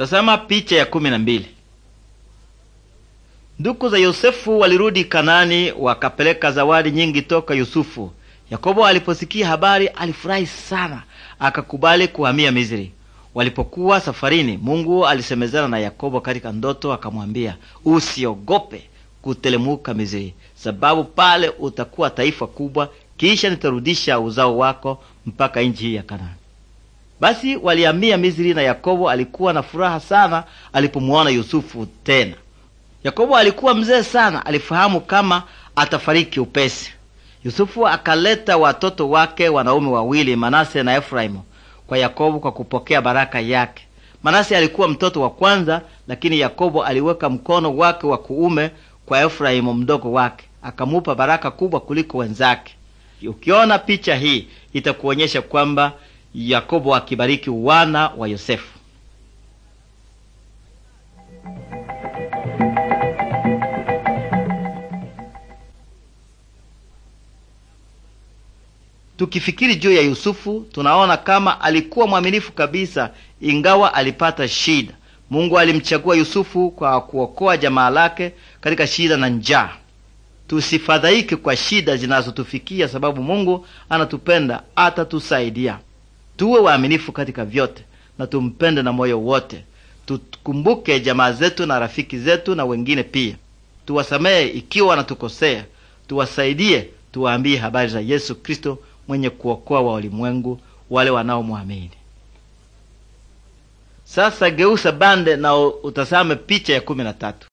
Tazama picha ya kumi na mbili. Ndugu za Yosefu walirudi Kanani wakapeleka zawadi nyingi toka Yusufu. Yakobo aliposikia habari alifurahi sana, akakubali kuhamia Misri. Walipokuwa safarini, Mungu alisemezana na Yakobo katika ndoto, akamwambia, usiogope kutelemuka Misri, sababu pale utakuwa taifa kubwa, kisha nitarudisha uzao wako mpaka nchi ya Kanani. Basi walihamia Misri, na Yakobo alikuwa na furaha sana alipomwona Yusufu tena. Yakobo alikuwa mzee sana, alifahamu kama atafariki upesi. Yusufu akaleta watoto wake wanaume wawili, Manase na Efraimu, kwa Yakobo kwa kupokea baraka yake. Manase alikuwa mtoto wa kwanza, lakini Yakobo aliweka mkono wake wa kuume kwa Efraimu mdogo wake, akamupa baraka kubwa kuliko wenzake. Ukiona picha hii itakuonyesha kwamba Yakobo akibariki wana wa Yosefu. Tukifikiri juu ya Yusufu tunaona kama alikuwa mwaminifu kabisa, ingawa alipata shida. Mungu alimchagua Yusufu kwa kuokoa jamaa lake katika shida na njaa. Tusifadhaike kwa shida zinazotufikia, sababu Mungu anatupenda, atatusaidia tuwe waaminifu katika vyote na tumpende na moyo wote. Tukumbuke jamaa zetu na rafiki zetu na wengine pia, tuwasamehe ikiwa wanatukosea, tuwasaidie, tuwaambie habari za Yesu Kristo mwenye kuokoa wa ulimwengu wale wanaomwamini. Sasa geusa bande na utazame picha ya kumi na tatu.